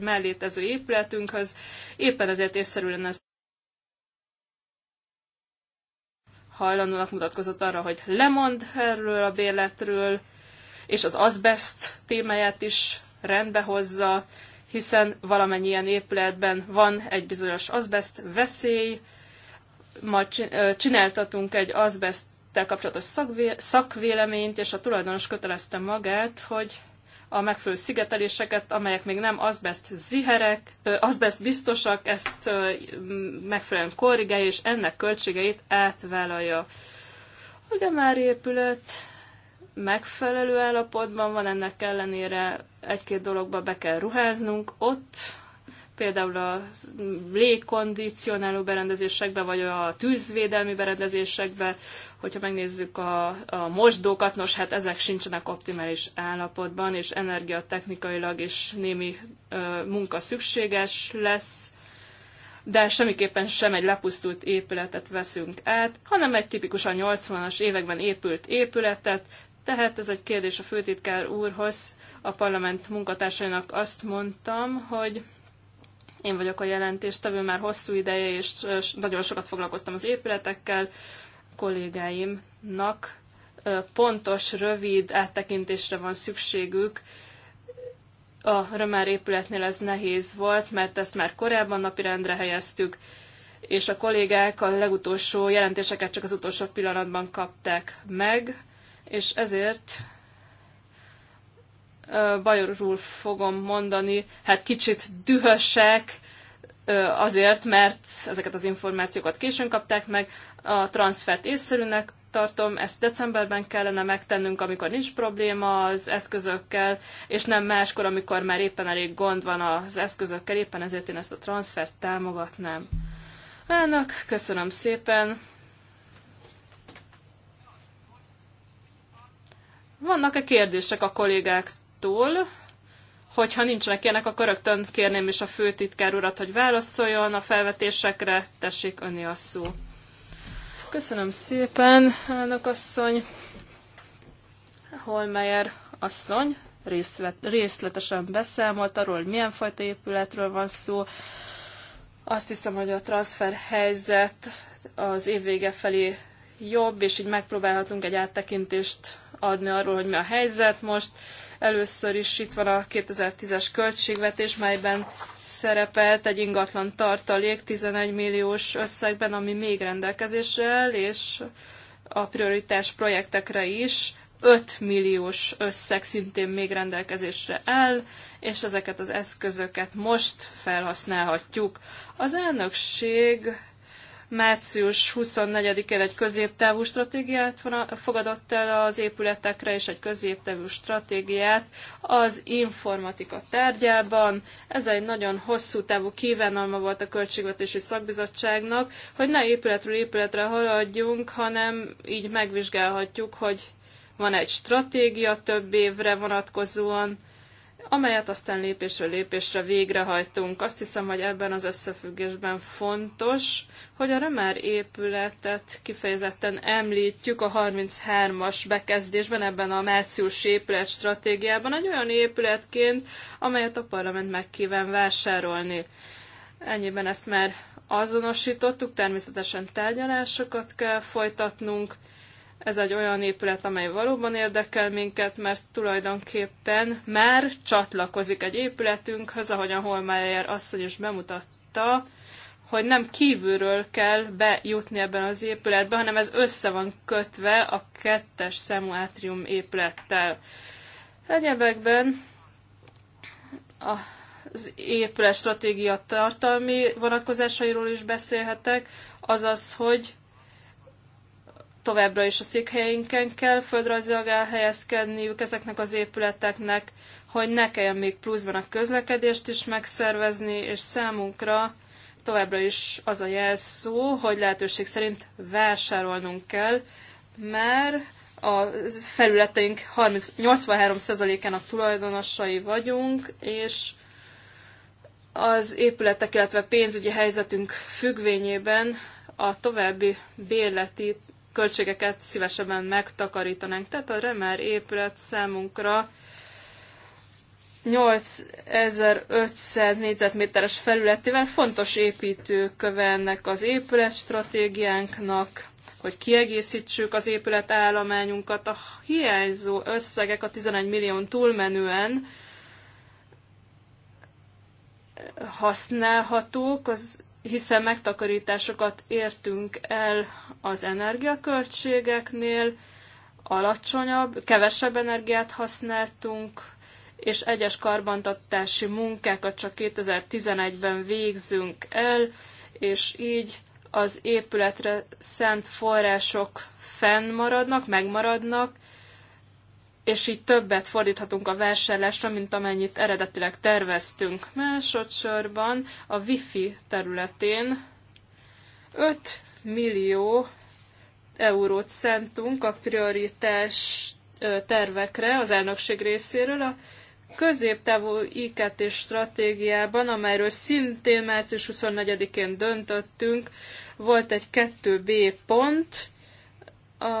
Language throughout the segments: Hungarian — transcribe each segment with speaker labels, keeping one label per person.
Speaker 1: mellétező épületünkhöz. Éppen ezért észszerű lenne hajlandónak mutatkozott arra, hogy lemond erről a bérletről, és az azbest témáját is rendbe hozza, hiszen valamennyi ilyen épületben van egy bizonyos azbest veszély. Ma csináltatunk egy azbest kapcsolatos szakvéleményt, és a tulajdonos kötelezte magát, hogy a megfelelő szigeteléseket, amelyek még nem azbest ziherek, azbest biztosak, ezt megfelelően korrigálja, és ennek költségeit átvállalja. A már épület megfelelő állapotban van, ennek ellenére egy-két dologba be kell ruháznunk. Ott például a légkondicionáló berendezésekbe, vagy a tűzvédelmi berendezésekbe, hogyha megnézzük a, a mosdókat, nos hát ezek sincsenek optimális állapotban, és energiatechnikailag is némi ö, munka szükséges lesz, de semmiképpen sem egy lepusztult épületet veszünk át, hanem egy tipikusan 80-as években épült épületet, tehát ez egy kérdés a főtitkár úrhoz, a parlament munkatársainak azt mondtam, hogy én vagyok a jelentéstevő már hosszú ideje, és nagyon sokat foglalkoztam az épületekkel, kollégáimnak pontos, rövid áttekintésre van szükségük. A Römer épületnél ez nehéz volt, mert ezt már korábban napirendre helyeztük, és a kollégák a legutolsó jelentéseket csak az utolsó pillanatban kapták meg, és ezért bajorul fogom mondani, hát kicsit dühösek, azért, mert ezeket az információkat későn kapták meg, a transfert észszerűnek tartom, ezt decemberben kellene megtennünk, amikor nincs probléma az eszközökkel, és nem máskor, amikor már éppen elég gond van az eszközökkel, éppen ezért én ezt a transfert támogatnám. Ennek köszönöm szépen! Vannak-e kérdések a kollégák attól, hogyha nincsenek ilyenek, akkor rögtön kérném is a főtitkár urat, hogy válaszoljon a felvetésekre. Tessék, önni a szó. Köszönöm szépen, elnök asszony. Holmeyer asszony részletesen beszámolt arról, hogy milyen fajta épületről van szó. Azt hiszem, hogy a transfer helyzet az év vége felé jobb, és így megpróbálhatunk egy áttekintést adni arról, hogy mi a helyzet most. Először is itt van a 2010-es költségvetés, melyben szerepelt egy ingatlan tartalék 11 milliós összegben, ami még rendelkezésre és a prioritás projektekre is 5 milliós összeg szintén még rendelkezésre áll, és ezeket az eszközöket most felhasználhatjuk. Az elnökség március 24-én egy középtávú stratégiát fogadott el az épületekre, és egy középtávú stratégiát az informatika tárgyában. Ez egy nagyon hosszú távú kívánalma volt a Költségvetési Szakbizottságnak, hogy ne épületről épületre haladjunk, hanem így megvizsgálhatjuk, hogy van egy stratégia több évre vonatkozóan, amelyet aztán lépésről lépésre végrehajtunk. Azt hiszem, hogy ebben az összefüggésben fontos, hogy a Römer épületet kifejezetten említjük a 33-as bekezdésben, ebben a március épület stratégiában, egy olyan épületként, amelyet a parlament megkíván vásárolni. Ennyiben ezt már azonosítottuk, természetesen tárgyalásokat kell folytatnunk, ez egy olyan épület, amely valóban érdekel minket, mert tulajdonképpen már csatlakozik egy épületünkhöz, ahogyan Holmeyer asszony is bemutatta, hogy nem kívülről kell bejutni ebben az épületbe, hanem ez össze van kötve a kettes számú átrium épülettel. Egyebekben az épület stratégia tartalmi vonatkozásairól is beszélhetek, azaz, hogy továbbra is a székhelyeinken kell földrajzilag elhelyezkedniük ezeknek az épületeknek, hogy ne kelljen még pluszban a közlekedést is megszervezni, és számunkra továbbra is az a jelszó, hogy lehetőség szerint vásárolnunk kell, mert a felületeink 30, 83%-ának tulajdonosai vagyunk, és az épületek, illetve pénzügyi helyzetünk függvényében a további bérleti költségeket szívesebben megtakarítanánk. Tehát a Remer épület számunkra 8500 négyzetméteres felületével fontos építőköve ennek az épületstratégiánknak, hogy kiegészítsük az épület állományunkat. A hiányzó összegek a 11 millión túlmenően használhatók az hiszen megtakarításokat értünk el az energiaköltségeknél, alacsonyabb, kevesebb energiát használtunk, és egyes karbantartási munkákat csak 2011-ben végzünk el, és így az épületre szent források fennmaradnak, megmaradnak, és így többet fordíthatunk a vásárlásra, mint amennyit eredetileg terveztünk. Másodszorban a wifi területén 5 millió eurót szentünk a prioritás tervekre az elnökség részéről a középtávú IKT stratégiában, amelyről szintén március 24-én döntöttünk, volt egy 2B pont, a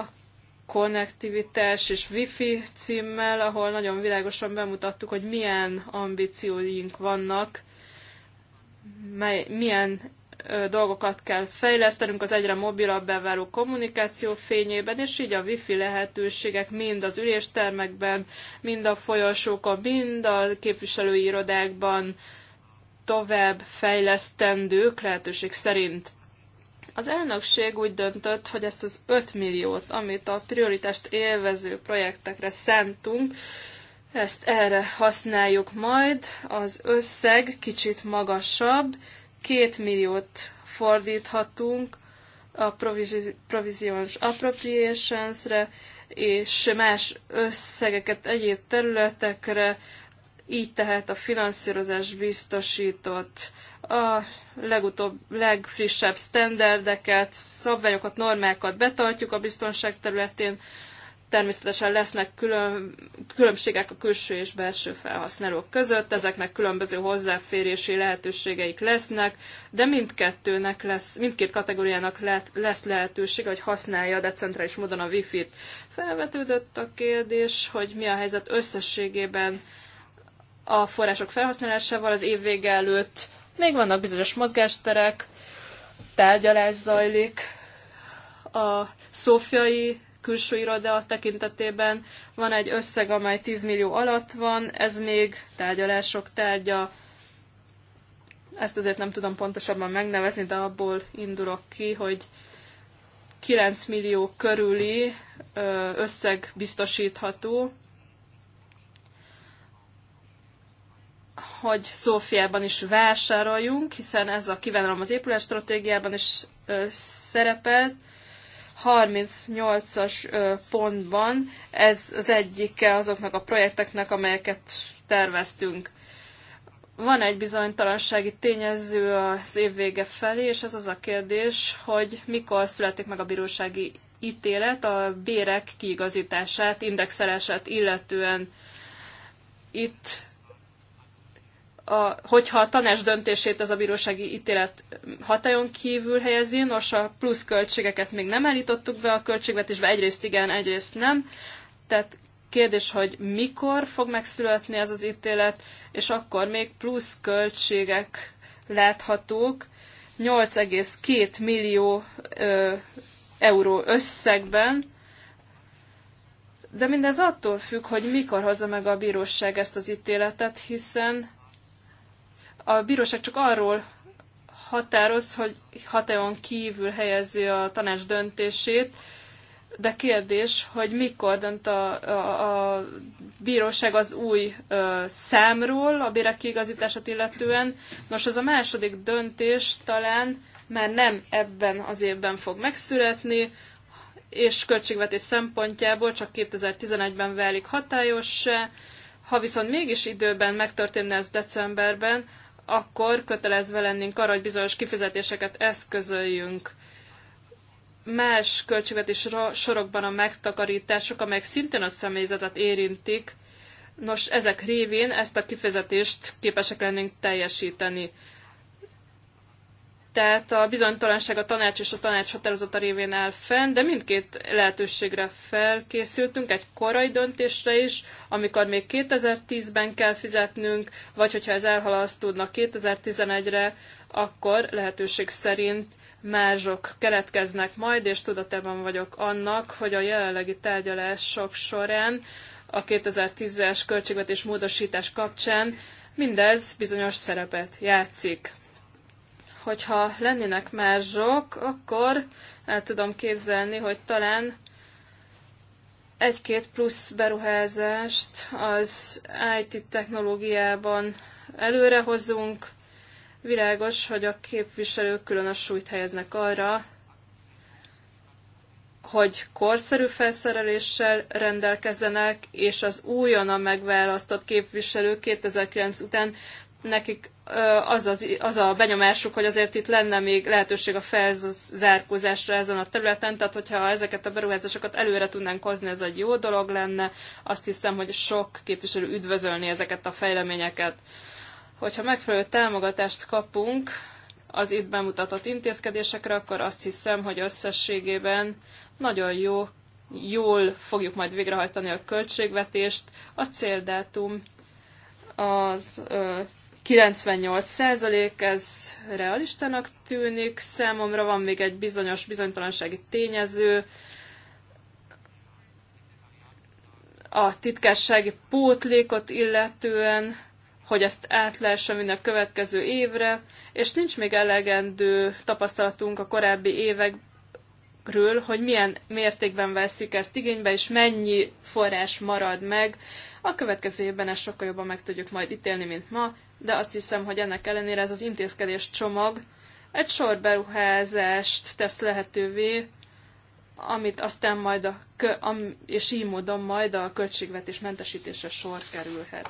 Speaker 1: konnektivitás és wifi címmel, ahol nagyon világosan bemutattuk, hogy milyen ambícióink vannak, mely, milyen ö, dolgokat kell fejlesztenünk az egyre mobilabb váló kommunikáció fényében, és így a wifi lehetőségek mind az üléstermekben, mind a folyosókon, mind a képviselői irodákban tovább fejlesztendők lehetőség szerint. Az elnökség úgy döntött, hogy ezt az 5 milliót, amit a prioritást élvező projektekre szántunk, ezt erre használjuk majd. Az összeg kicsit magasabb, 2 milliót fordíthatunk a provisions re és más összegeket egyéb területekre, így tehát a finanszírozás biztosított a legutóbb, legfrissebb standardeket, szabványokat, normákat betartjuk a biztonság területén. Természetesen lesznek külön, különbségek a külső és belső felhasználók között, ezeknek különböző hozzáférési lehetőségeik lesznek, de mindkettőnek lesz, mindkét kategóriának lehet, lesz lehetőség, hogy használja decentrális módon a Wi-Fi-t. Felvetődött a kérdés, hogy mi a helyzet összességében a források felhasználásával az év vége előtt még vannak bizonyos mozgásterek, tárgyalás zajlik a szófiai külső iroda tekintetében. Van egy összeg, amely 10 millió alatt van, ez még tárgyalások tárgya. Ezt azért nem tudom pontosabban megnevezni, de abból indulok ki, hogy 9 millió körüli összeg biztosítható, hogy Szófiában is vásároljunk, hiszen ez a kívánalom az épület stratégiában is ö, szerepelt. 38-as pontban ez az egyike azoknak a projekteknek, amelyeket terveztünk. Van egy bizonytalansági tényező az év vége felé, és ez az a kérdés, hogy mikor születik meg a bírósági ítélet a bérek kiigazítását, indexelását illetően itt a, hogyha a tanás döntését ez a bírósági ítélet hatályon kívül helyezi, nos a plusz költségeket még nem állítottuk be a költségvetésbe, egyrészt igen, egyrészt nem. Tehát kérdés, hogy mikor fog megszületni ez az ítélet, és akkor még plusz költségek láthatók 8,2 millió ö, euró összegben, de mindez attól függ, hogy mikor hozza meg a bíróság ezt az ítéletet, hiszen a bíróság csak arról határoz, hogy hatályon kívül helyezi a tanács döntését, de kérdés, hogy mikor dönt a, a, a bíróság az új ö, számról a bérek kiigazítását illetően. Nos, az a második döntés talán már nem ebben az évben fog megszületni, és költségvetés szempontjából csak 2011-ben válik hatályos. Ha viszont mégis időben megtörténne ez decemberben, akkor kötelezve lennénk arra, hogy bizonyos kifizetéseket eszközöljünk más költségvetés sorokban a megtakarítások, amelyek szintén a személyzetet érintik, nos, ezek révén ezt a kifizetést képesek lennénk teljesíteni. Tehát a bizonytalanság a tanács és a tanács határozata révén áll fenn, de mindkét lehetőségre felkészültünk, egy korai döntésre is, amikor még 2010-ben kell fizetnünk, vagy hogyha ez elhalasztódna 2011-re, akkor lehetőség szerint mások keletkeznek majd, és tudatában vagyok annak, hogy a jelenlegi tárgyalások során a 2010-es költségvetés módosítás kapcsán mindez bizonyos szerepet játszik hogyha lennének mázsok, akkor el tudom képzelni, hogy talán egy-két plusz beruházást az IT technológiában előrehozunk. Világos, hogy a képviselők különös súlyt helyeznek arra, hogy korszerű felszereléssel rendelkezzenek, és az újonnan megválasztott képviselők 2009 után nekik az, az, az a benyomásuk, hogy azért itt lenne még lehetőség a felzárkózásra ezen a területen, tehát hogyha ezeket a beruházásokat előre tudnánk hozni, ez egy jó dolog lenne. Azt hiszem, hogy sok képviselő üdvözölni ezeket a fejleményeket. Hogyha megfelelő támogatást kapunk az itt bemutatott intézkedésekre, akkor azt hiszem, hogy összességében nagyon jó, jól fogjuk majd végrehajtani a költségvetést. A céldátum az 98% ez realistának tűnik, számomra van még egy bizonyos bizonytalansági tényező, a titkársági pótlékot illetően, hogy ezt átlássa minden következő évre, és nincs még elegendő tapasztalatunk a korábbi évekről, hogy milyen mértékben veszik ezt igénybe, és mennyi forrás marad meg. A következő évben ezt sokkal jobban meg tudjuk majd ítélni, mint ma, de azt hiszem, hogy ennek ellenére ez az intézkedés csomag egy sor beruházást tesz lehetővé, amit aztán majd a, kö és így módon majd a költségvetés mentesítése sor
Speaker 2: kerülhet.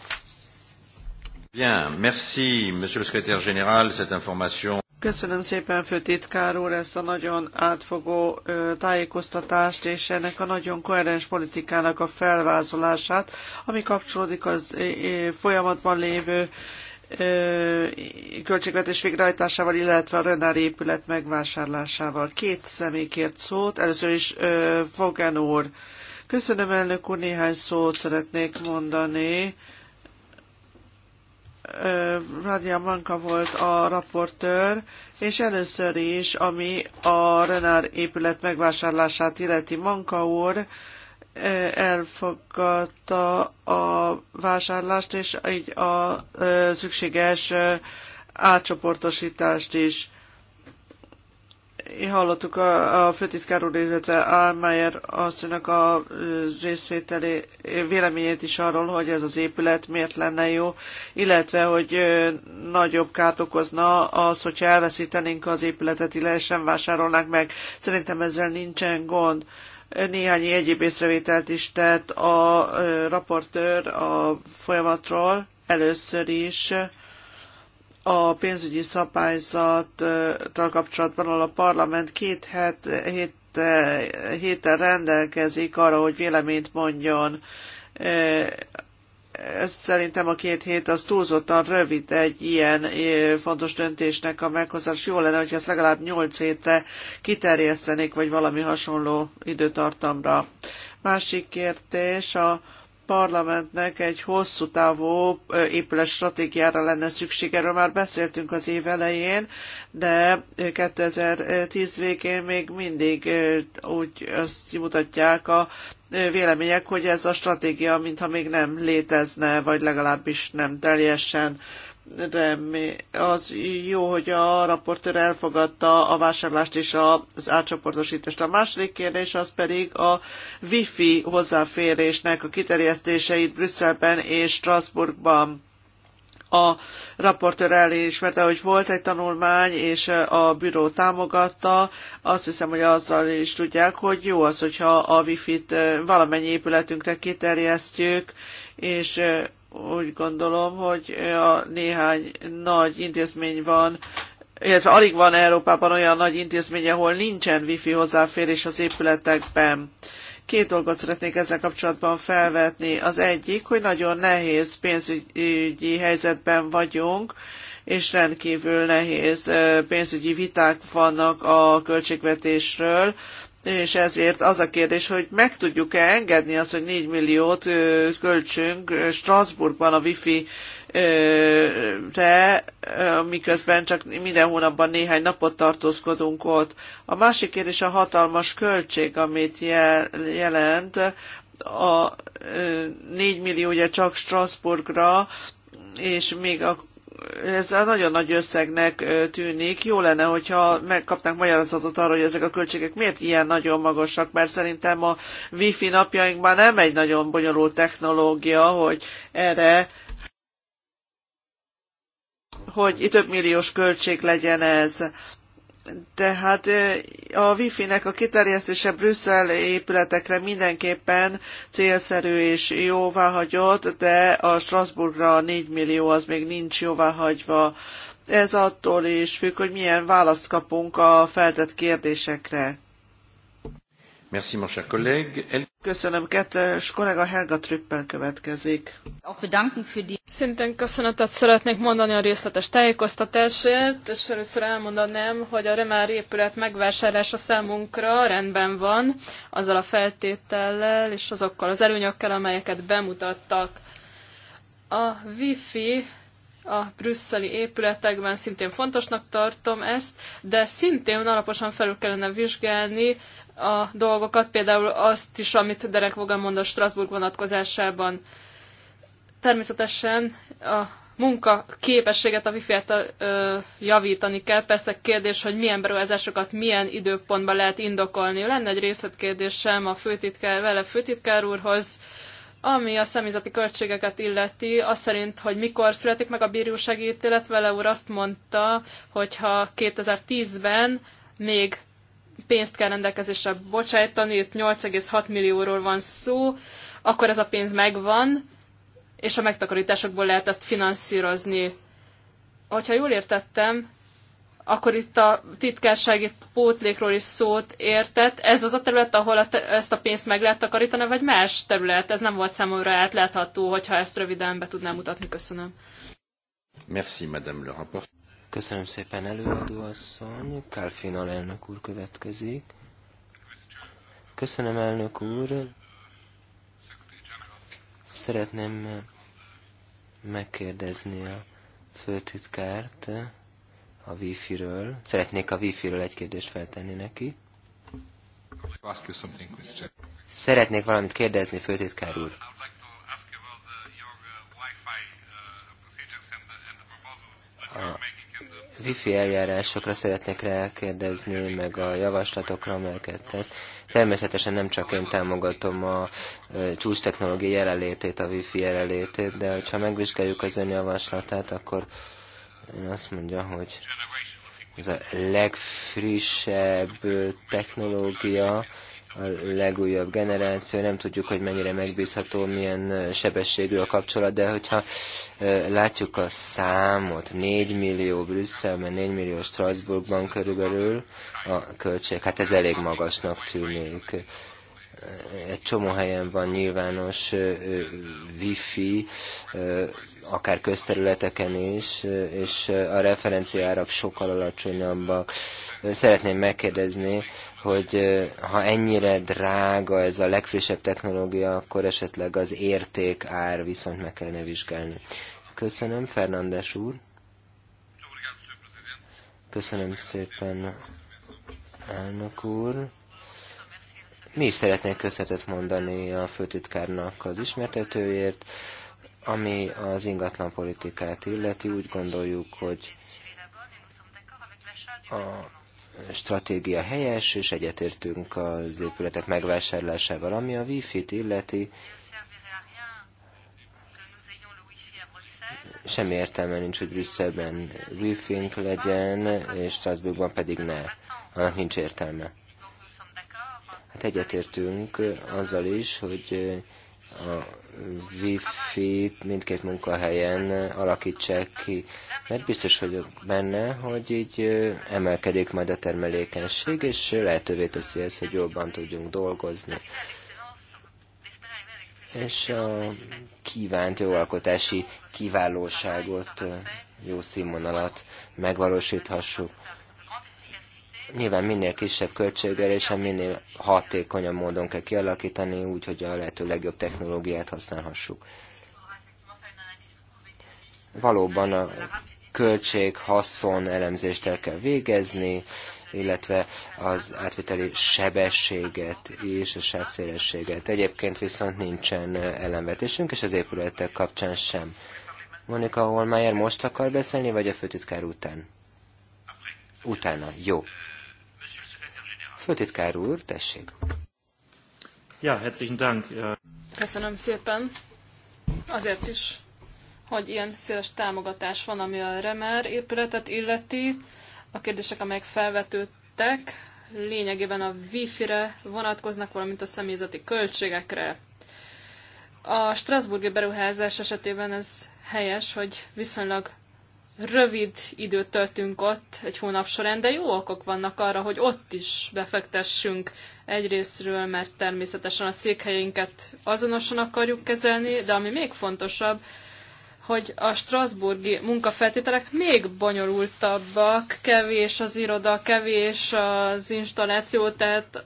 Speaker 2: Bien, merci, monsieur le secrétaire général, cette information. Köszönöm szépen, főtitkár úr, ezt a nagyon átfogó tájékoztatást és ennek a nagyon koherens politikának a felvázolását, ami kapcsolódik az folyamatban lévő költségvetés végrehajtásával, illetve a Renár épület megvásárlásával. Két személy kért szót. Először is Fogan úr. Köszönöm, elnök úr, néhány szót szeretnék mondani. Radia Manka volt a raportőr, és először is, ami a Renár épület megvásárlását illeti Manka úr, elfogadta a vásárlást, és így a szükséges átcsoportosítást is. Hallottuk a, a főtitkár úr, illetve Almayer asszonynak a részvételi véleményét is arról, hogy ez az épület miért lenne jó, illetve hogy nagyobb kárt okozna az, hogyha elveszítenénk az épületet, illetve sem vásárolnánk meg. Szerintem ezzel nincsen gond. Ö, néhány egyéb észrevételt is tett a raportőr a folyamatról. Először is a pénzügyi szabályzattal kapcsolatban, ahol a parlament két het, hét, héten rendelkezik arra, hogy véleményt mondjon ez szerintem a két hét az túlzottan rövid egy ilyen fontos döntésnek a meghozás. Jó lenne, hogyha ezt legalább nyolc hétre kiterjesztenék, vagy valami hasonló időtartamra. Másik kérdés, a parlamentnek egy hosszú távú épület stratégiára lenne szükség. Erről már beszéltünk az év elején, de 2010 végén még mindig úgy azt mutatják a vélemények, hogy ez a stratégia mintha még nem létezne, vagy legalábbis nem teljesen de Az jó, hogy a raportőr elfogadta a vásárlást és az átcsoportosítást. A második kérdés az pedig a wifi hozzáférésnek a kiterjesztéseit Brüsszelben és Strasbourgban a raportőr elé is, mert ahogy volt egy tanulmány, és a büró támogatta, azt hiszem, hogy azzal is tudják, hogy jó az, hogyha a wifi-t valamennyi épületünkre kiterjesztjük, és úgy gondolom, hogy a néhány nagy intézmény van, illetve alig van Európában olyan nagy intézmény, ahol nincsen wifi hozzáférés az épületekben. Két dolgot szeretnék ezzel kapcsolatban felvetni. Az egyik, hogy nagyon nehéz pénzügyi helyzetben vagyunk, és rendkívül nehéz pénzügyi viták vannak a költségvetésről, és ezért az a kérdés, hogy meg tudjuk-e engedni azt, hogy 4 milliót költsünk Strasbourgban a wifi re, miközben csak minden hónapban néhány napot tartózkodunk ott. A másik kérdés a hatalmas költség, amit jel, jelent. A 4 millió ugye csak Strasbourgra, és még a ez a nagyon nagy összegnek tűnik. Jó lenne, hogyha megkapnánk magyarázatot arra, hogy ezek a költségek miért ilyen nagyon magasak, mert szerintem a wifi napjainkban nem egy nagyon bonyolult technológia, hogy erre hogy több milliós költség legyen ez. De hát a Wi-Fi-nek a kiterjesztése Brüsszel épületekre mindenképpen célszerű és jóváhagyott, de a Strasbourgra 4 millió az még nincs jóváhagyva. Ez attól is függ, hogy milyen választ kapunk a feltett kérdésekre. Merci, mon cher collègue. El... Köszönöm, kettős kollega Helga Trüppel következik.
Speaker 1: Szintén köszönetet szeretnék mondani a részletes tájékoztatásért, és először elmondanám, hogy a Remár épület megvásárlása számunkra rendben van, azzal a feltétellel és azokkal az előnyökkel, amelyeket bemutattak. A Wi-Fi a brüsszeli épületekben szintén fontosnak tartom ezt, de szintén alaposan felül kellene vizsgálni a dolgokat, például azt is, amit Derek Vogan mondott Strasbourg vonatkozásában. Természetesen a munka képességet a wifi javítani kell. Persze kérdés, hogy milyen beruházásokat milyen időpontban lehet indokolni. Lenne egy részletkérdésem a főtitkár, vele főtitkár úrhoz, ami a személyzeti költségeket illeti, az szerint, hogy mikor születik meg a bírósági ítélet, vele úr azt mondta, hogyha 2010-ben még pénzt kell rendelkezésre bocsájtani, itt 8,6 millióról van szó, akkor ez a pénz megvan, és a megtakarításokból lehet ezt finanszírozni. Hogyha jól értettem, akkor itt a titkársági pótlékról is szót értett. Ez az a terület, ahol a te- ezt a pénzt meg lehet takarítani, vagy más terület? Ez nem volt számomra átlátható, hogyha ezt röviden be tudnám mutatni. Köszönöm.
Speaker 3: Merci, madame le rapport. Köszönöm szépen előadóasszony. Kálfin alelnök úr következik. Köszönöm elnök úr. Szeretném megkérdezni a főtitkárt a Wi-Fi-ről. Szeretnék a Wi-Fi-ről egy kérdést feltenni neki. Szeretnék valamit kérdezni, főtitkár úr. A wifi eljárásokra szeretnék rákérdezni, meg a javaslatokra, amelyeket tesz. Természetesen nem csak én támogatom a csúcs technológia jelenlétét, a wifi jelenlétét, de ha megvizsgáljuk az ön javaslatát, akkor én azt mondja, hogy ez a legfrissebb technológia, a legújabb generáció, nem tudjuk, hogy mennyire megbízható, milyen sebességű a kapcsolat, de hogyha látjuk a számot, 4 millió Brüsszelben, 4 millió Strasbourgban körülbelül a költség, hát ez elég magasnak tűnik egy csomó helyen van nyilvános wifi, akár közterületeken is, és a referenciárak sokkal alacsonyabbak. Szeretném megkérdezni, hogy ha ennyire drága ez a legfrissebb technológia, akkor esetleg az érték ár viszont meg kellene vizsgálni. Köszönöm, Fernandes úr. Köszönöm szépen, elnök úr mi is szeretnénk köszönetet mondani a főtitkárnak az ismertetőért, ami az ingatlan politikát illeti. Úgy gondoljuk, hogy a stratégia helyes, és egyetértünk az épületek megvásárlásával, ami a fi t illeti. Semmi értelme nincs, hogy Brüsszelben wifi-nk legyen, és Strasbourgban pedig ne. Annak nincs értelme. Hát egyetértünk azzal is, hogy a wifi-t mindkét munkahelyen alakítsák ki. Mert biztos vagyok benne, hogy így emelkedik majd a termelékenység, és lehetővé teszi ezt, hogy jobban tudjunk dolgozni. És a kívánt jóalkotási kiválóságot, jó színvonalat megvalósíthassuk. Nyilván minél kisebb költséggel és minél hatékonyabb módon kell kialakítani, úgy, hogy a lehető legjobb technológiát használhassuk. Valóban a költség-haszon elemzést el kell végezni, illetve az átviteli sebességet és a sávszélességet. Egyébként viszont nincsen ellenvetésünk, és az épületek kapcsán sem. Monika Holmeyer most akar beszélni, vagy a főtitkár után? Utána, jó. Főtitkár úr, tessék. Ja, herzlichen Dank.
Speaker 1: Köszönöm szépen. Azért is, hogy ilyen széles támogatás van, ami a Remer épületet illeti. A kérdések, amelyek felvetődtek, lényegében a fi re vonatkoznak, valamint a személyzeti költségekre. A Strasburgi beruházás esetében ez helyes, hogy viszonylag rövid időt töltünk ott egy hónap során, de jó okok vannak arra, hogy ott is befektessünk egyrésztről, mert természetesen a székhelyeinket azonosan akarjuk kezelni, de ami még fontosabb, hogy a Strasburgi munkafeltételek még bonyolultabbak, kevés az iroda, kevés az installáció, tehát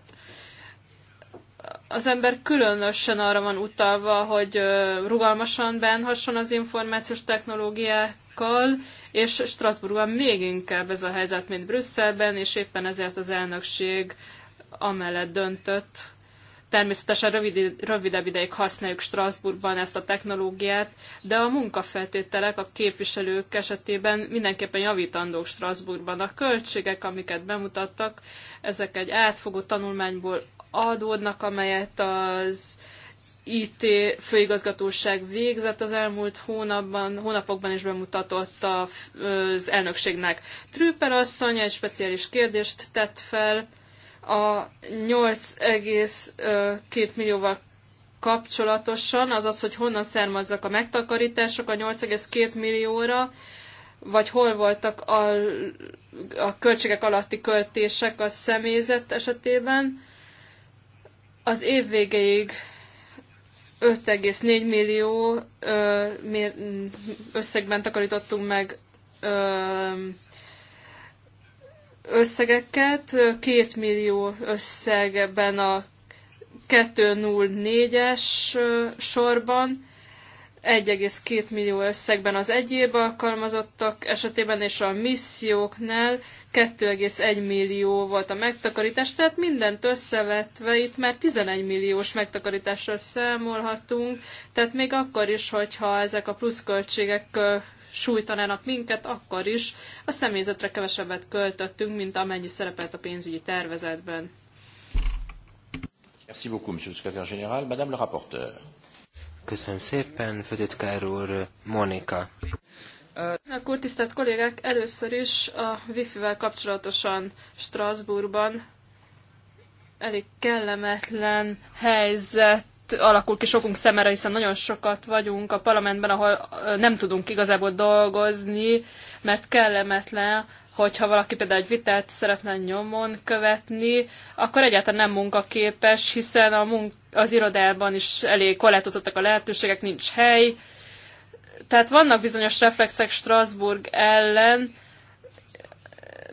Speaker 1: az ember különösen arra van utalva, hogy rugalmasan bánhasson az információs technológiák tagállamokkal, és Strasbourgban még inkább ez a helyzet, mint Brüsszelben, és éppen ezért az elnökség amellett döntött. Természetesen rövid, rövidebb ideig használjuk Strasbourgban ezt a technológiát, de a munkafeltételek a képviselők esetében mindenképpen javítandók Strasbourgban. A költségek, amiket bemutattak, ezek egy átfogó tanulmányból adódnak, amelyet az IT főigazgatóság végzett az elmúlt hónapban, hónapokban is bemutatott az elnökségnek. Trüper asszony egy speciális kérdést tett fel a 8,2 millióval kapcsolatosan, azaz, hogy honnan származzak a megtakarítások a 8,2 millióra, vagy hol voltak a, a költségek alatti költések a személyzet esetében. Az év végéig 5,4 millió összegben takarítottunk meg összegeket, 2 millió összegben a 204-es sorban, 1,2 millió összegben az egyéb alkalmazottak esetében, és a misszióknál 2,1 millió volt a megtakarítás, tehát mindent összevetve itt már 11 milliós megtakarításra számolhatunk, tehát még akkor is, hogyha ezek a pluszköltségek sújtanának minket, akkor is a személyzetre kevesebbet költöttünk, mint amennyi szerepelt a pénzügyi tervezetben.
Speaker 3: Merci beaucoup, monsieur le secrétaire général. Madame la rapporteure. Köszönöm szépen, főtitkár úr, Monika.
Speaker 1: Akkor tisztelt kollégák, először is a wifi-vel kapcsolatosan Strasbourgban elég kellemetlen helyzet alakul ki sokunk szemére, hiszen nagyon sokat vagyunk a parlamentben, ahol nem tudunk igazából dolgozni, mert kellemetlen, hogyha valaki például egy vitát szeretne nyomon követni, akkor egyáltalán nem munkaképes, hiszen a munk- az irodában is elég korlátozottak a lehetőségek, nincs hely. Tehát vannak bizonyos reflexek Strasbourg ellen,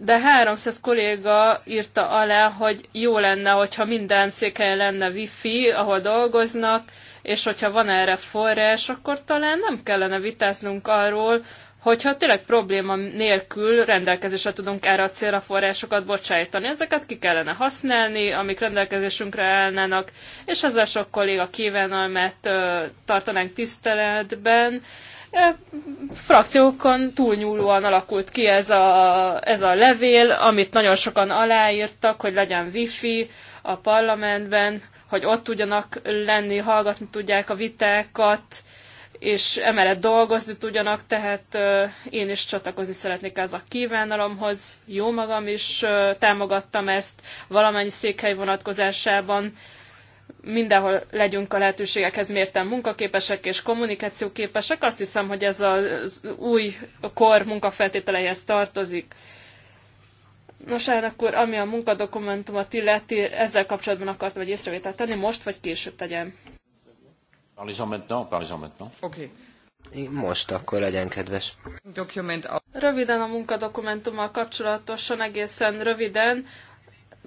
Speaker 1: de 300 kolléga írta alá, hogy jó lenne, hogyha minden székely lenne wifi, ahol dolgoznak, és hogyha van erre forrás, akkor talán nem kellene vitáznunk arról, hogyha tényleg probléma nélkül rendelkezésre tudunk erre a célra forrásokat bocsájtani. Ezeket ki kellene használni, amik rendelkezésünkre állnának, és ezzel sok kolléga kívánalmát tartanánk tiszteletben, frakciókon túlnyúlóan alakult ki ez a, ez a levél, amit nagyon sokan aláírtak, hogy legyen wifi a parlamentben, hogy ott tudjanak lenni, hallgatni tudják a vitákat, és emellett dolgozni tudjanak, tehát én is csatlakozni szeretnék ez a kívánalomhoz. Jó magam is támogattam ezt valamennyi székhely vonatkozásában, mindenhol legyünk a lehetőségekhez mérten munkaképesek és kommunikációképesek. Azt hiszem, hogy ez az új kor munkafeltételeihez tartozik. Nos, hát akkor ami a munkadokumentumot illeti, ezzel kapcsolatban akartam egy észrevételt tenni, most vagy később tegyem.
Speaker 3: Okay. Most akkor legyen kedves.
Speaker 1: Röviden a munkadokumentummal kapcsolatosan, egészen röviden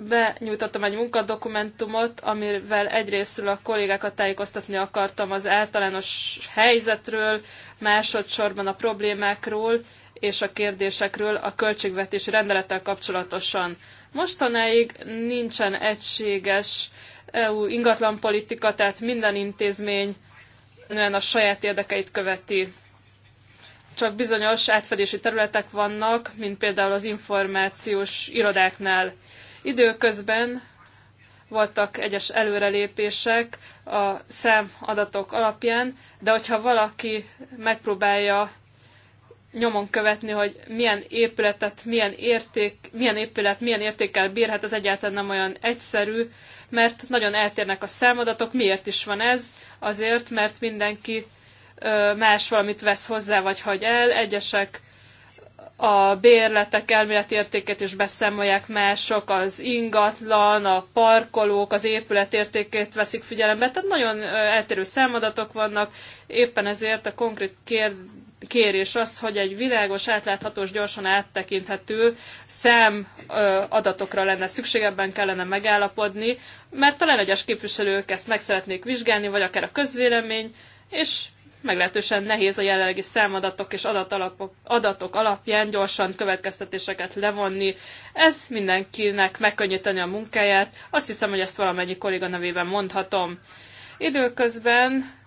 Speaker 1: benyújtottam egy munkadokumentumot, amivel egyrésztről a kollégákat tájékoztatni akartam az általános helyzetről, másodszorban a problémákról és a kérdésekről a költségvetési rendelettel kapcsolatosan. Mostanáig nincsen egységes EU ingatlanpolitika, tehát minden intézmény a saját érdekeit követi csak bizonyos átfedési területek vannak, mint például az információs irodáknál. Időközben voltak egyes előrelépések a számadatok alapján, de hogyha valaki megpróbálja nyomon követni, hogy milyen épületet, milyen, érték, milyen épület, milyen értékkel bírhat, ez egyáltalán nem olyan egyszerű, mert nagyon eltérnek a számadatok. Miért is van ez? Azért, mert mindenki más valamit vesz hozzá, vagy hagy el. Egyesek a bérletek elméleti értékét is beszámolják mások, az ingatlan, a parkolók, az épület értékét veszik figyelembe, tehát nagyon eltérő számadatok vannak, éppen ezért a konkrét kérés az, hogy egy világos, átláthatós, gyorsan áttekinthető szem adatokra lenne szükség, ebben kellene megállapodni, mert talán egyes képviselők ezt meg szeretnék vizsgálni, vagy akár a közvélemény, és meglehetősen nehéz a jelenlegi számadatok és adatalapok, adatok alapján gyorsan következtetéseket levonni. Ez mindenkinek megkönnyíteni a munkáját. Azt hiszem, hogy ezt valamennyi kolléga nevében mondhatom. Időközben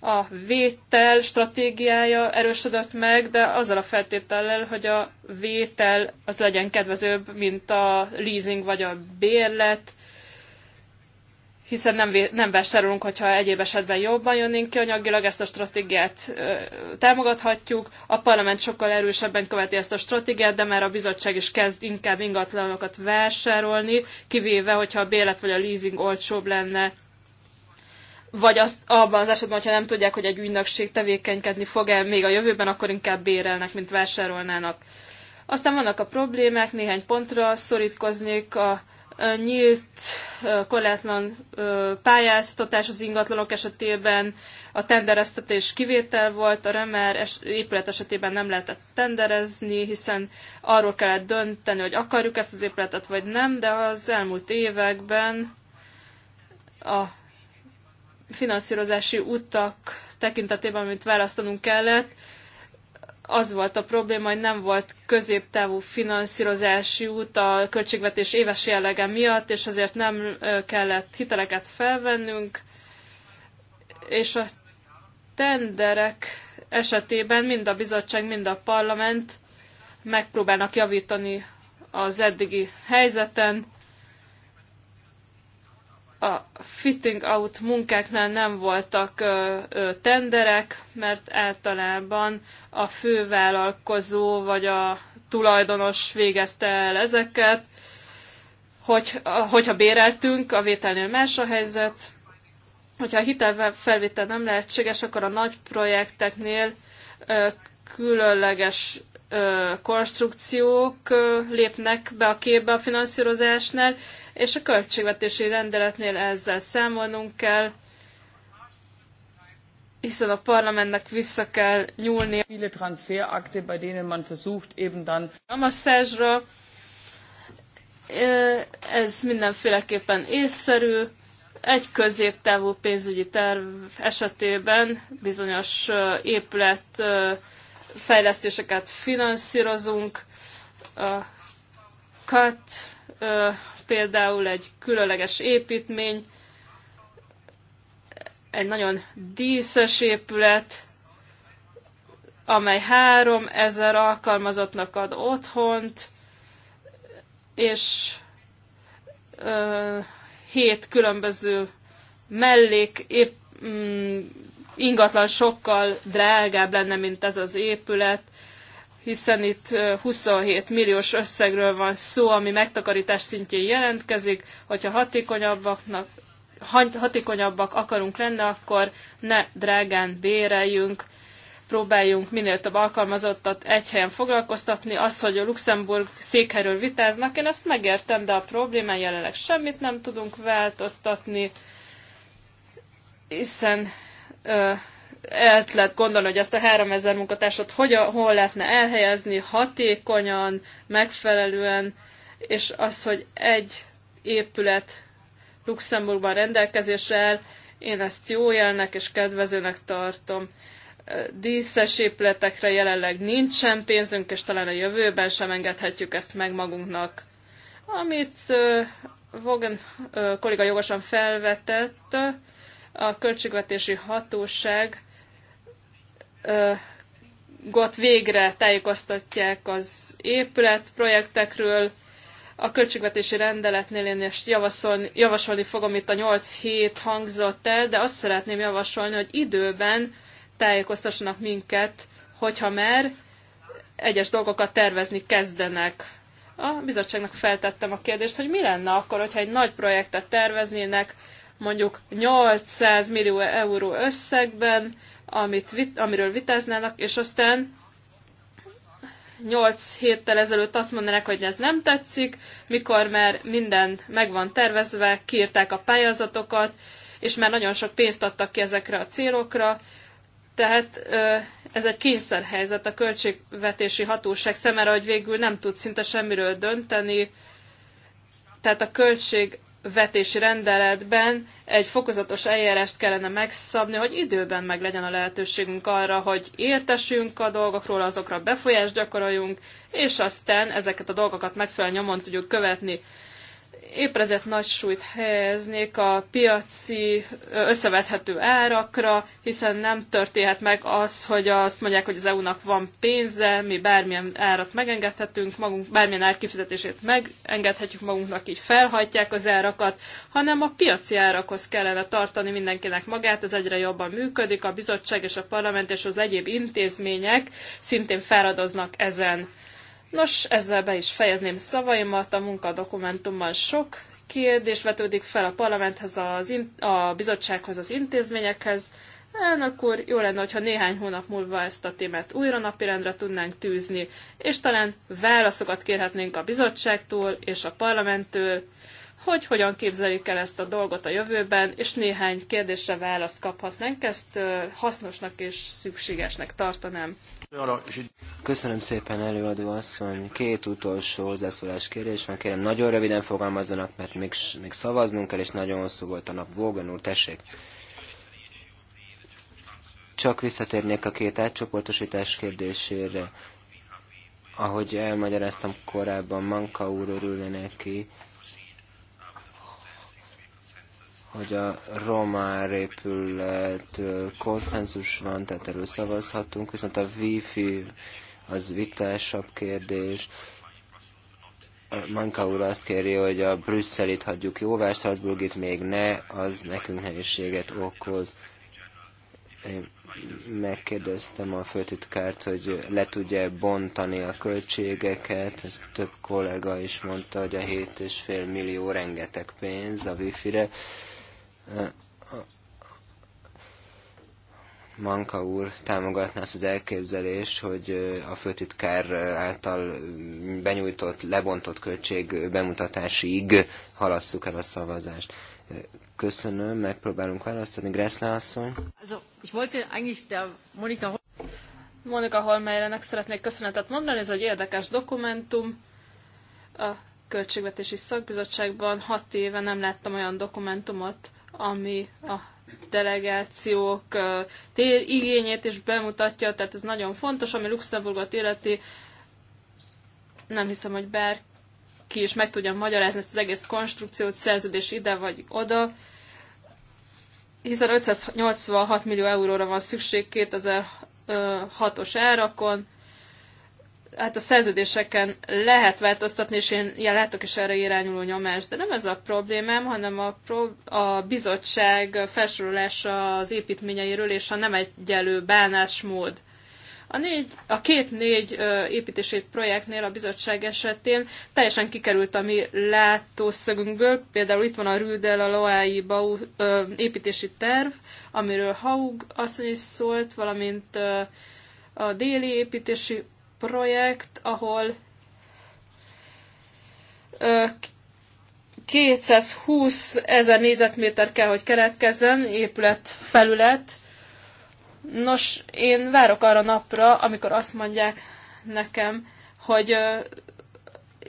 Speaker 1: a vétel stratégiája erősödött meg, de azzal a feltétellel, hogy a vétel az legyen kedvezőbb, mint a leasing vagy a bérlet, hiszen nem, nem vásárolunk, hogyha egyéb esetben jobban jönnénk ki anyagilag, ezt a stratégiát ö, támogathatjuk. A parlament sokkal erősebben követi ezt a stratégiát, de már a bizottság is kezd inkább ingatlanokat vásárolni, kivéve, hogyha a bélet vagy a leasing olcsóbb lenne, vagy azt, abban az esetben, hogyha nem tudják, hogy egy ügynökség tevékenykedni fog-e még a jövőben, akkor inkább bérelnek, mint vásárolnának. Aztán vannak a problémák, néhány pontra szorítkoznék a nyílt, korlátlan pályáztatás az ingatlanok esetében, a tendereztetés kivétel volt, a Remer épület esetében nem lehetett tenderezni, hiszen arról kellett dönteni, hogy akarjuk ezt az épületet, vagy nem, de az elmúlt években a finanszírozási utak tekintetében, amit választanunk kellett, az volt a probléma, hogy nem volt középtávú finanszírozási út a költségvetés éves jellege miatt, és azért nem kellett hiteleket felvennünk, és a tenderek esetében mind a bizottság, mind a parlament megpróbálnak javítani az eddigi helyzeten, a fitting out munkáknál nem voltak ö, ö, tenderek, mert általában a fővállalkozó vagy a tulajdonos végezte el ezeket. Hogy, hogyha béreltünk, a vételnél más a helyzet. Hogyha a hitelfelvétel nem lehetséges, akkor a nagy projekteknél ö, különleges konstrukciók lépnek be a képbe a finanszírozásnál, és a költségvetési rendeletnél ezzel számolnunk kell, hiszen a parlamentnek vissza kell nyúlni. Viele Transferakte, bei denen man versucht eben dann a masszázsra. Ez mindenféleképpen észszerű. Egy középtávú pénzügyi terv esetében bizonyos épület fejlesztéseket finanszírozunk. A CAT például egy különleges építmény, egy nagyon díszes épület, amely három ezer alkalmazottnak ad otthont, és hét különböző mellék ingatlan sokkal drágább lenne, mint ez az épület, hiszen itt 27 milliós összegről van szó, ami megtakarítás szintjén jelentkezik, hogyha hatékonyabbaknak hatékonyabbak akarunk lenni, akkor ne drágán béreljünk, próbáljunk minél több alkalmazottat egy helyen foglalkoztatni. Az, hogy a Luxemburg székhelyről vitáznak, én ezt megértem, de a problémán jelenleg semmit nem tudunk változtatni, hiszen el lehet gondolni, hogy ezt a 3000 munkatársat hogyan, hol lehetne elhelyezni hatékonyan, megfelelően, és az, hogy egy épület Luxemburgban rendelkezésre áll, én ezt jó jelnek és kedvezőnek tartom. Díszes épületekre jelenleg nincsen pénzünk, és talán a jövőben sem engedhetjük ezt meg magunknak. Amit Vogan kolléga jogosan felvetett, a költségvetési hatóság got végre tájékoztatják az épület projektekről. A költségvetési rendeletnél én is javasolni, javasolni fogom itt a 8 hét hangzott el, de azt szeretném javasolni, hogy időben tájékoztassanak minket, hogyha már egyes dolgokat tervezni kezdenek. A bizottságnak feltettem a kérdést, hogy mi lenne akkor, hogyha egy nagy projektet terveznének, mondjuk 800 millió euró összegben, amit, vit, amiről vitáznának, és aztán 8 héttel ezelőtt azt mondanák, hogy ez nem tetszik, mikor már minden meg van tervezve, kiírták a pályázatokat, és már nagyon sok pénzt adtak ki ezekre a célokra, tehát ez egy kényszerhelyzet a költségvetési hatóság szemére, hogy végül nem tud szinte semmiről dönteni, tehát a költség vetési rendeletben egy fokozatos eljárást kellene megszabni, hogy időben meg legyen a lehetőségünk arra, hogy értesünk a dolgokról, azokra befolyást gyakoroljunk, és aztán ezeket a dolgokat megfelelően nyomon tudjuk követni. Épp ezért nagy súlyt helyeznék a piaci összevethető árakra, hiszen nem történhet meg az, hogy azt mondják, hogy az EU-nak van pénze, mi bármilyen árat megengedhetünk magunk, bármilyen ár kifizetését megengedhetjük magunknak, így felhajtják az árakat, hanem a piaci árakhoz kellene tartani mindenkinek magát, ez egyre jobban működik, a bizottság és a parlament és az egyéb intézmények szintén feladoznak ezen Nos, ezzel be is fejezném szavaimat, a munkadokumentumban sok kérdés vetődik fel a parlamenthez, az in- a bizottsághoz, az intézményekhez. Elnök úr, jó lenne, hogyha néhány hónap múlva ezt a témát újra napirendre tudnánk tűzni, és talán válaszokat kérhetnénk a bizottságtól és a parlamenttől, hogy hogyan képzelik el ezt a dolgot a jövőben, és néhány kérdésre választ kaphatnánk. Ezt hasznosnak és szükségesnek tartanám.
Speaker 3: Köszönöm szépen, előadó asszony. Két utolsó hozzászólás kérés van. Kérem, nagyon röviden fogalmazzanak, mert még, még szavaznunk kell, és nagyon hosszú volt a nap. Vógan úr, tessék! Csak visszatérnék a két átcsoportosítás kérdésére. Ahogy elmagyaráztam korábban, Manka úr örülne neki, hogy a román épület konszenzus van, tehát erről szavazhatunk, viszont a wifi az vitásabb kérdés. Manka úr azt kéri, hogy a Brüsszelit hagyjuk jóvá, Strasbourgit még ne, az nekünk nehézséget okoz. Én megkérdeztem a főtitkárt, hogy le tudja bontani a költségeket. Több kollega is mondta, hogy a 7,5 millió rengeteg pénz a wifi-re. Manka úr támogatná azt az elképzelést, hogy a főtitkár által benyújtott, lebontott költség bemutatásig halasszuk el a szavazást. Köszönöm, megpróbálunk választani. Gressle asszony.
Speaker 1: Monika Holmeyrenek szeretnék köszönetet mondani, ez egy érdekes dokumentum. A Költségvetési Szakbizottságban hat éve nem láttam olyan dokumentumot, ami a delegációk tér igényét is bemutatja, tehát ez nagyon fontos, ami Luxemburgot illeti. Nem hiszem, hogy bárki is meg tudja magyarázni ezt az egész konstrukciót, szerződés ide vagy oda, hiszen 586 millió euróra van szükség 2006-os árakon, hát a szerződéseken lehet változtatni, és én ja, látok is erre irányuló nyomást, de nem ez a problémám, hanem a, pro- a bizottság felsorolása az építményeiről és a nem egyelő bánásmód. A, négy, a két négy építését projektnél a bizottság esetén teljesen kikerült a mi látószögünkből. Például itt van a Rüdel, a Loái Bau ö, építési terv, amiről Haug asszony is szólt, valamint ö, a déli építési projekt, ahol 220 ezer négyzetméter kell, hogy keretkezzen, épület, felület. Nos, én várok arra napra, amikor azt mondják nekem, hogy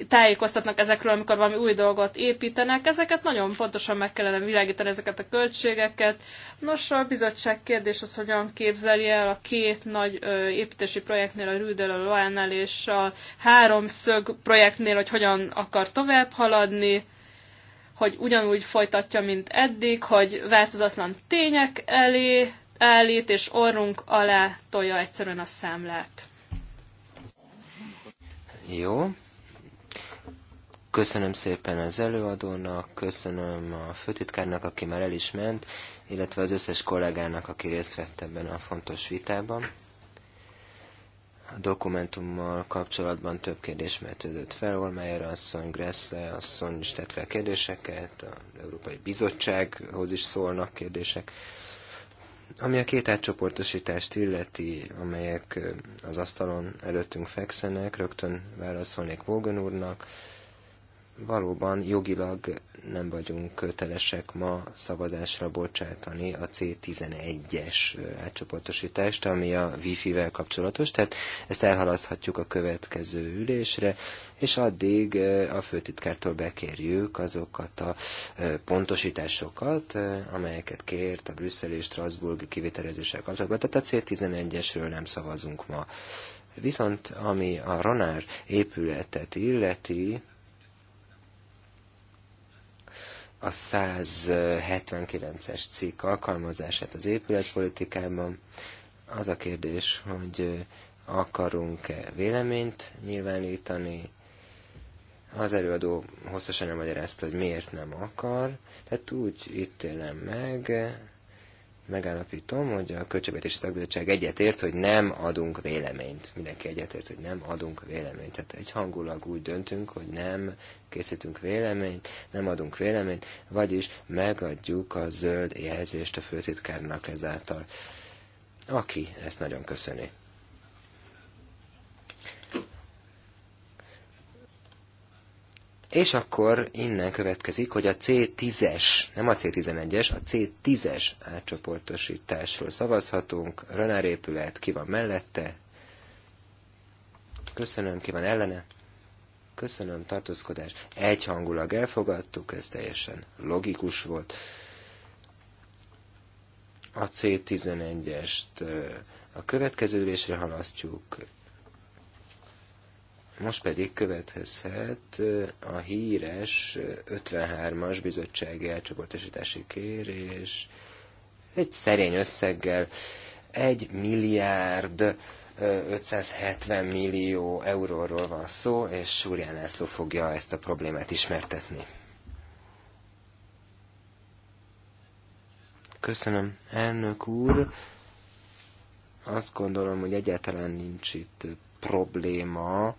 Speaker 1: tájékoztatnak ezekről, amikor valami új dolgot építenek. Ezeket nagyon pontosan meg kellene világítani, ezeket a költségeket. Nos, a bizottság kérdés az, hogyan képzelje el a két nagy ö, építési projektnél, a Rüdel, a Loánnál és a háromszög projektnél, hogy hogyan akar tovább haladni hogy ugyanúgy folytatja, mint eddig, hogy változatlan tények elé állít, és orrunk alá tolja egyszerűen a számlát.
Speaker 3: Jó, Köszönöm szépen az előadónak, köszönöm a főtitkárnak, aki már el is ment, illetve az összes kollégának, aki részt vett ebben a fontos vitában. A dokumentummal kapcsolatban több kérdés mertődött fel, Olmeyer asszony, Gressle asszony is tett fel kérdéseket, az Európai Bizottsághoz is szólnak kérdések. Ami a két átcsoportosítást illeti, amelyek az asztalon előttünk fekszenek, rögtön válaszolnék Vógan úrnak, valóban jogilag nem vagyunk kötelesek ma szavazásra bocsátani a C11-es átcsoportosítást, ami a Wi-Fi-vel kapcsolatos, tehát ezt elhalaszthatjuk a következő ülésre, és addig a főtitkártól bekérjük azokat a pontosításokat, amelyeket kért a Brüsszel és strasburgi kivitelezéssel kapcsolatban. Tehát a C11-esről nem szavazunk ma. Viszont ami a Ronár épületet illeti, a 179-es cikk alkalmazását az épületpolitikában. Az a kérdés, hogy akarunk-e véleményt nyilvánítani, az előadó hosszasan elmagyarázta, hogy miért nem akar, tehát úgy ítélem meg, megállapítom, hogy a Költségvetési Szakbizottság egyetért, hogy nem adunk véleményt. Mindenki egyetért, hogy nem adunk véleményt. Tehát hangulag úgy döntünk, hogy nem készítünk véleményt, nem adunk véleményt, vagyis megadjuk a zöld jelzést a főtitkárnak ezáltal, aki ezt nagyon köszöni. És akkor innen következik, hogy a C10-es, nem a C11-es, a C10-es átcsoportosításról szavazhatunk. Renár épület, ki van mellette? Köszönöm, ki van ellene? Köszönöm, tartózkodás. Egyhangulag elfogadtuk, ez teljesen logikus volt. A C11-est a következő ülésre halasztjuk, most pedig következhet a híres 53-as bizottsági elcsoportosítási kérés egy szerény összeggel 1 milliárd 570 millió euróról van szó, és Súrján László fogja ezt a problémát ismertetni. Köszönöm, elnök úr. Azt gondolom, hogy egyáltalán nincs itt probléma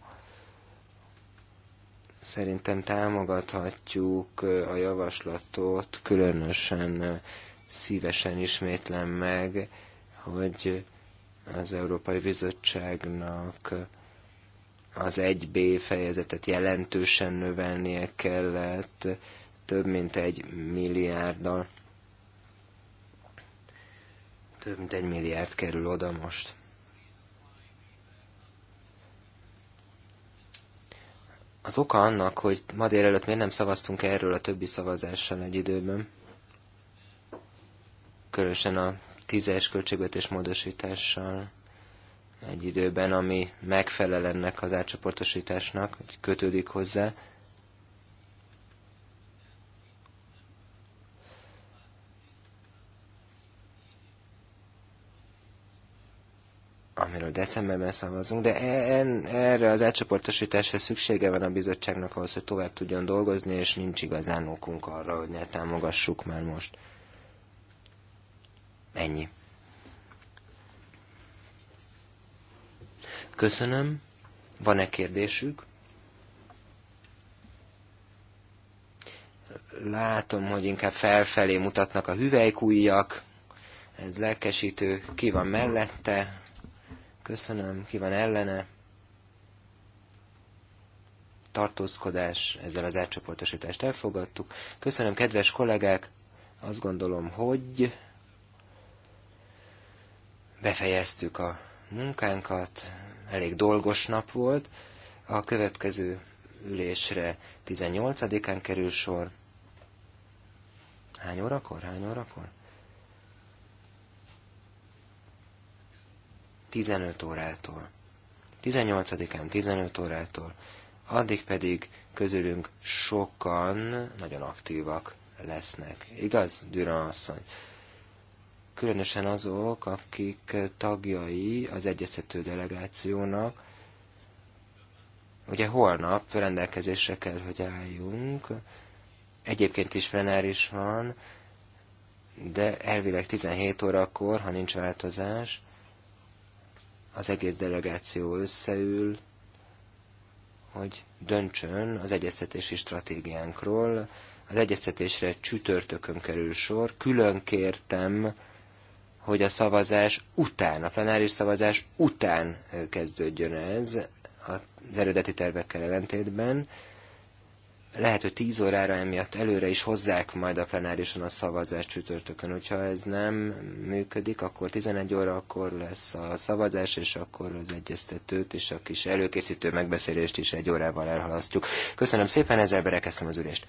Speaker 3: Szerintem támogathatjuk a javaslatot, különösen szívesen ismétlem meg, hogy az Európai Bizottságnak az 1B fejezetet jelentősen növelnie kellett, több mint egy milliárddal. Több mint egy milliárd kerül oda most. Az oka annak, hogy ma délelőtt miért nem szavaztunk erről a többi szavazással egy időben, különösen a tízes költségvetés módosítással egy időben, ami megfelel ennek az átcsoportosításnak, hogy kötődik hozzá, decemberben szavazunk, de e- en, erre az átcsoportosításra szüksége van a bizottságnak ahhoz, hogy tovább tudjon dolgozni, és nincs igazán okunk arra, hogy ne támogassuk már most. Ennyi. Köszönöm. Van-e kérdésük? Látom, hogy inkább felfelé mutatnak a hüvelykújjak. Ez lelkesítő. Ki van mellette? Köszönöm. Ki van ellene? Tartózkodás. Ezzel az átcsoportosítást elfogadtuk. Köszönöm, kedves kollégák. Azt gondolom, hogy befejeztük a munkánkat. Elég dolgos nap volt. A következő ülésre 18-án kerül sor. Hány órakor? Hány órakor? 15 órától. 18-án 15 órától, addig pedig közülünk sokan nagyon aktívak lesznek. Igaz, Düran asszony? Különösen azok, akik tagjai az egyeztető delegációnak, Ugye holnap rendelkezésre kell, hogy álljunk. Egyébként is plenáris van, de elvileg 17 órakor, ha nincs változás, az egész delegáció összeül, hogy döntsön az egyeztetési stratégiánkról. Az egyeztetésre csütörtökön kerül sor. Külön kértem, hogy a szavazás után, a plenáris szavazás után kezdődjön ez, az eredeti tervekkel ellentétben lehet, hogy 10 órára emiatt előre is hozzák majd a plenárison a szavazást csütörtökön. Hogyha ez nem működik, akkor 11 óra akkor lesz a szavazás, és akkor az egyeztetőt és a kis előkészítő megbeszélést is egy órával elhalasztjuk. Köszönöm szépen, ezzel berekeztem az ülést.